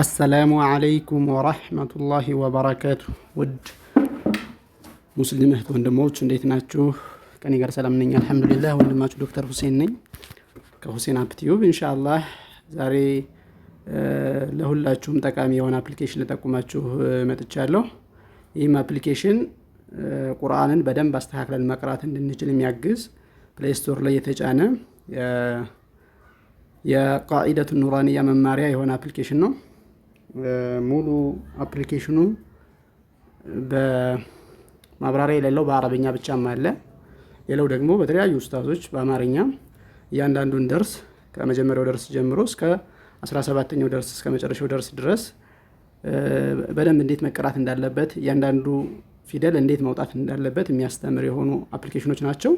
አሰላሙ አለይኩም ወራህመቱላሂ ወበረካቱ። ውድ ሙስሊም እህት ወንድሞች እንዴት ናችሁ? ከኔ ጋር ሰላም ነኝ አልሐምዱሊላህ። ወንድማችሁ ዶክተር ሁሴን ነኝ ከሁሴን አፕቲዩብ። ኢንሻአላህ ዛሬ ለሁላችሁም ጠቃሚ የሆነ አፕሊኬሽን ልጠቁማችሁ መጥቻለሁ። ይህም አፕሊኬሽን ቁርአንን በደንብ አስተካክለን መቅራት እንድንችል የሚያግዝ ፕሌይ ስቶር ላይ የተጫነ የቃኢደቱ ኑራንያ መማሪያ የሆነ አፕሊኬሽን ነው። ሙሉ አፕሊኬሽኑ በማብራሪያ የሌለው በአረብኛ ብቻም አለ። ሌላው ደግሞ በተለያዩ ውስታዞች በአማርኛ እያንዳንዱን ደርስ ከመጀመሪያው ደርስ ጀምሮ እስከ 17ኛው ደርስ እስከ መጨረሻው ደርስ ድረስ በደንብ እንዴት መቀራት እንዳለበት እያንዳንዱ ፊደል እንዴት መውጣት እንዳለበት የሚያስተምር የሆኑ አፕሊኬሽኖች ናቸው።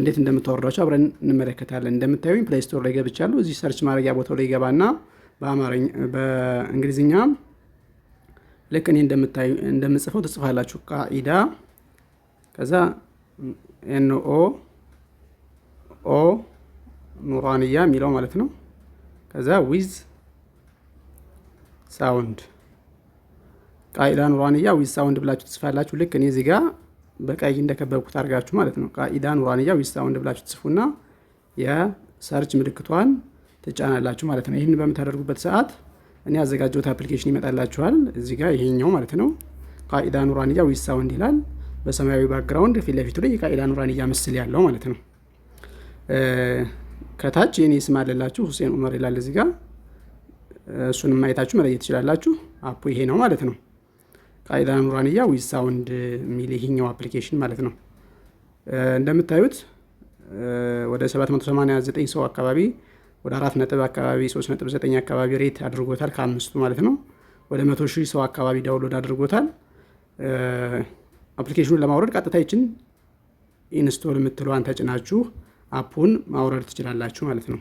እንዴት እንደምታወርዳቸው አብረን እንመለከታለን። እንደምታዩኝ ፕሌይ ስቶር ላይ ገብቻለሁ። እዚህ ሰርች ማድረጊያ ቦታው ላይ ገባና በእንግሊዝኛ ልክ እኔ እንደምታዩ እንደምጽፈው ትጽፋላችሁ። ቃኢዳ ከዛ ኤንኦ ኦ ኑራንያ የሚለው ማለት ነው። ከዛ ዊዝ ሳውንድ ቃኢዳ ኑራንያ ዊዝ ሳውንድ ብላችሁ ትጽፋላችሁ። ልክ እኔ እዚህ ጋ በቀይ እንደከበብኩት አድርጋችሁ ማለት ነው። ቃኢዳ ኑራንያ ዊዝ ሳውንድ ብላችሁ ትጽፉና የሰርች ምልክቷን ትጫናላችሁ ማለት ነው። ይህን በምታደርጉበት ሰዓት እኔ ያዘጋጀሁት አፕሊኬሽን ይመጣላችኋል። እዚህ ጋር ይሄኛው ማለት ነው ቃኢዳ ኑራንያ ዊዝ ሳውንድ ይላል። በሰማያዊ ባክግራውንድ ፊት ለፊቱ ላይ የቃኢዳ ኑራንያ ምስል ያለው ማለት ነው። ከታች የኔ ስም አለላችሁ ሁሴን ኡመር ይላል እዚህ ጋር። እሱን ማየታችሁ መለየት ትችላላችሁ። አፑ ይሄ ነው ማለት ነው። ቃኢዳ ኑራንያ ዊዝ ሳውንድ የሚል ይሄኛው አፕሊኬሽን ማለት ነው። እንደምታዩት ወደ 789 ሰው አካባቢ ወደ አራት ነጥብ አካባቢ ሶስት ነጥብ ዘጠኝ አካባቢ ሬት አድርጎታል ከአምስቱ ማለት ነው። ወደ መቶ ሺህ ሰው አካባቢ ዳውንሎድ አድርጎታል። አፕሊኬሽኑን ለማውረድ ቀጥታ ይችን ኢንስቶል የምትለዋን ተጭናችሁ አፑን ማውረድ ትችላላችሁ ማለት ነው።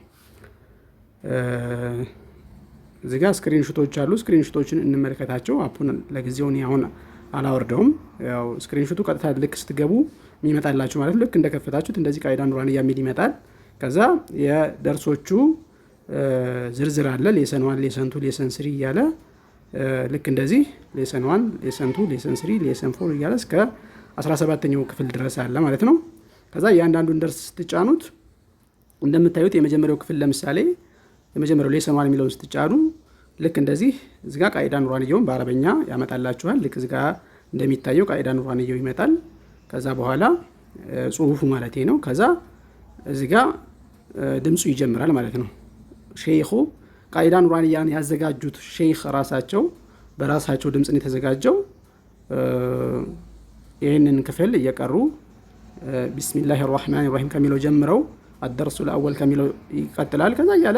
እዚህ ጋር ስክሪንሾቶች አሉ። ስክሪንሾቶችን እንመልከታቸው። አፑን ለጊዜውን አሁን አላወርደውም። ያው ስክሪንሾቱ ቀጥታ ልክ ስትገቡ የሚመጣላችሁ ማለት ልክ እንደከፈታችሁት እንደዚህ ቃይዳ ኑራን የሚል ይመጣል። ከዛ የደርሶቹ ዝርዝር አለ። ሌሰን ዋን፣ ሌሰን ቱ፣ ሌሰን ስሪ እያለ ልክ እንደዚህ ሌሰን ዋን፣ ሌሰን ቱ፣ ሌሰን ስሪ፣ ሌሰን ፎር እያለ እስከ 17ኛው ክፍል ድረስ አለ ማለት ነው። ከዛ እያንዳንዱን ደርስ ስትጫኑት እንደምታዩት የመጀመሪያው ክፍል ለምሳሌ የመጀመሪያው ሌሰን ዋን የሚለውን ስትጫኑ ልክ እንደዚህ እዚጋ ቃይዳ ኑሯንየውን በአረበኛ ያመጣላችኋል። ልክ እዚጋ እንደሚታየው ቃይዳ ኑሯንየው ይመጣል። ከዛ በኋላ ጽሁፉ ማለት ነው። ከዛ እዚጋ ድምፁ ይጀምራል ማለት ነው። ሼይኹ ቃይዳ ኑራንያን ያዘጋጁት ሼይኽ ራሳቸው በራሳቸው ድምፅን የተዘጋጀው ይህንን ክፍል እየቀሩ ቢስሚላህ ራህማን ራሂም ከሚለው ጀምረው አደርሱ ለአወል ከሚለው ይቀጥላል። ከዛ እያለ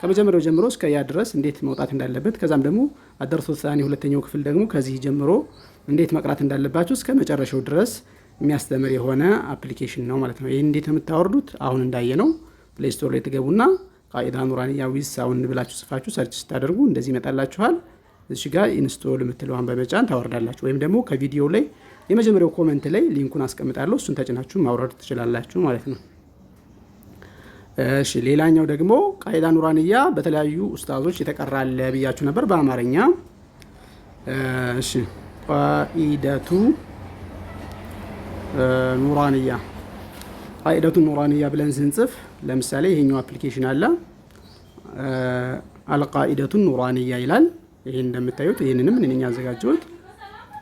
ከመጀመሪያው ጀምሮ እስከ ያ ድረስ እንዴት መውጣት እንዳለበት ከዛም ደግሞ አደርሱ ሳኒ ሁለተኛው ክፍል ደግሞ ከዚህ ጀምሮ እንዴት መቅራት እንዳለባቸው እስከ መጨረሻው ድረስ የሚያስተምር የሆነ አፕሊኬሽን ነው ማለት ነው። ይህ እንዴት ነው የምታወርዱት? አሁን እንዳየ ነው ፕሌይ ስቶር ላይ ትገቡና ቃኢዳ ኑራንያ ዊዝ ሳውንድ ብላችሁ ጽፋችሁ ሰርች ስታደርጉ እንደዚህ ይመጣላችኋል። እዚህ ጋር ኢንስቶል የምትለዋን በመጫን ታወርዳላችሁ። ወይም ደግሞ ከቪዲዮ ላይ የመጀመሪያው ኮመንት ላይ ሊንኩን አስቀምጣለሁ። እሱን ተጭናችሁ ማውረድ ትችላላችሁ ማለት ነው። እሺ ሌላኛው ደግሞ ቃኢዳ ኑራንያ በተለያዩ ኡስታዞች የተቀራለ ብያችሁ ነበር በአማርኛ። እሺ ኑራንያ ቃኢደቱ ኑራንያ ብለን ስንጽፍ ለምሳሌ ይሄኛው አፕሊኬሽን አለ አልቃኢደቱ ኑራንያ ይላል። ይህ እንደምታዩት ይህንንም እኔ አዘጋጀሁት ያዘጋጀሁት።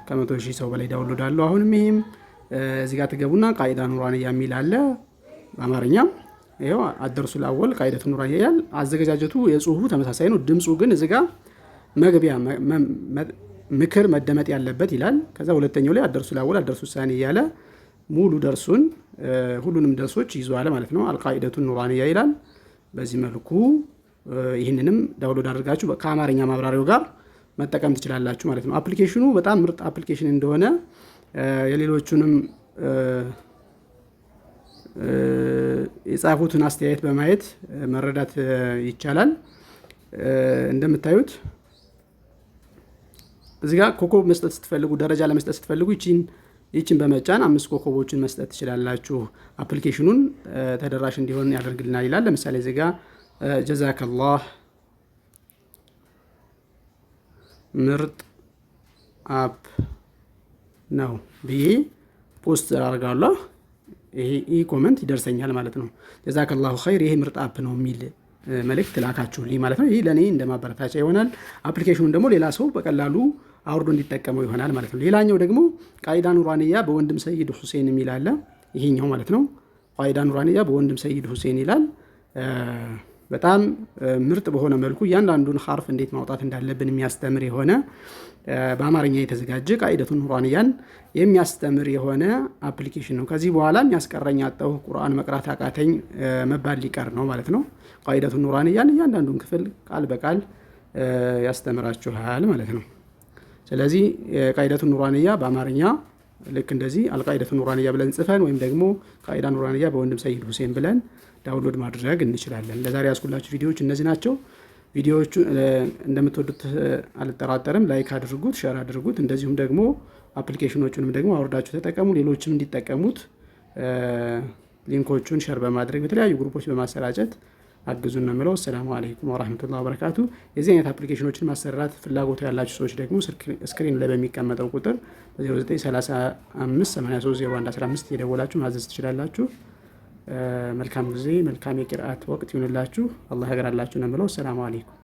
ከመቶ ሺህ ሰው በላይ ዳውንሎድ አለው። አሁንም ይሄም እዚህ ጋር ትገቡና ቃይዳ ኑራንያ የሚል አለ በአማርኛም ይሄው አደርሱ ላወል ቃኢደቱ ኑራንያ ይላል። አዘገጃጀቱ የጽሁፉ ተመሳሳይ ነው። ድምፁ ግን እዚህ ጋር መግቢያ ምክር መደመጥ ያለበት ይላል። ከዛ ሁለተኛው ላይ አደርሱ ላወል አደርሱ ሳኒ እያለ ሙሉ ደርሱን ሁሉንም ደርሶች ይዘዋል ማለት ነው። አልቃኢደቱን ኑራንያ ይላል። በዚህ መልኩ ይህንንም ዳውንሎድ አድርጋችሁ ከአማርኛ ማብራሪያው ጋር መጠቀም ትችላላችሁ ማለት ነው። አፕሊኬሽኑ በጣም ምርጥ አፕሊኬሽን እንደሆነ የሌሎቹንም የጻፉትን አስተያየት በማየት መረዳት ይቻላል። እንደምታዩት እዚህ ጋር ኮከብ መስጠት ስትፈልጉ፣ ደረጃ ለመስጠት ስትፈልጉ ይቺን ይችን በመጫን አምስት ኮከቦችን መስጠት ትችላላችሁ። አፕሊኬሽኑን ተደራሽ እንዲሆን ያደርግልናል ይላል። ለምሳሌ እዚህ ጋ ጀዛከላህ ምርጥ አፕ ነው ብዬ ፖስት አድርጋለሁ። ይህ ኮመንት ይደርሰኛል ማለት ነው። ጀዛከላሁ ኸይር ይሄ ምርጥ አፕ ነው የሚል መልእክት ላካችሁልኝ ማለት ነው። ይህ ለእኔ እንደ ማበረታቻ ይሆናል። አፕሊኬሽኑን ደግሞ ሌላ ሰው በቀላሉ አውርዶ እንዲጠቀመው ይሆናል ማለት ነው። ሌላኛው ደግሞ ቃይዳ ኑራንያ በወንድም ሰይድ ሁሴን የሚል አለ። ይሄኛው ማለት ነው። ቃይዳ ኑራንያ በወንድም ሰይድ ሁሴን ይላል። በጣም ምርጥ በሆነ መልኩ እያንዳንዱን ሀርፍ እንዴት ማውጣት እንዳለብን የሚያስተምር የሆነ በአማርኛ የተዘጋጀ ቃይደቱን ኑሯንያን የሚያስተምር የሆነ አፕሊኬሽን ነው። ከዚህ በኋላ የሚያስቀረኝ አጣሁ ቁርአን መቅራት አቃተኝ መባል ሊቀር ነው ማለት ነው። ቃይደቱን ኑራንያን እያንዳንዱን ክፍል ቃል በቃል ያስተምራችኋል ማለት ነው። ስለዚህ ቃይደቱን ኑሯንያ በአማርኛ ልክ እንደዚህ አልቃይደቱ ኑራንያ ብለን ጽፈን ወይም ደግሞ ቃይዳ ኑራንያ በወንድም ሰይድ ሁሴን ብለን ዳውንሎድ ማድረግ እንችላለን። ለዛሬ ያስኩላችሁ ቪዲዮዎች እነዚህ ናቸው። ቪዲዮዎቹ እንደምትወዱት አልጠራጠርም። ላይክ አድርጉት፣ ሸር አድርጉት። እንደዚሁም ደግሞ አፕሊኬሽኖቹንም ደግሞ አውርዳችሁ ተጠቀሙ፣ ሌሎችም እንዲጠቀሙት ሊንኮቹን ሸር በማድረግ በተለያዩ ግሩፖች በማሰራጨት አግዙን ነው የምለው። አሰላሙ አለይኩም ወረህመቱላሂ ወበረካቱ። የዚህ አይነት አፕሊኬሽኖችን ማሰራት ፍላጎት ያላችሁ ሰዎች ደግሞ ስክሪን ላይ በሚቀመጠው ቁጥር 0935830115 የደወላችሁ ማዘዝ ትችላላችሁ። መልካም ጊዜ፣ መልካም የቂርአት ወቅት ይሁንላችሁ። አላህ ያገራላችሁ ነው የምለው። አሰላሙ አለይኩም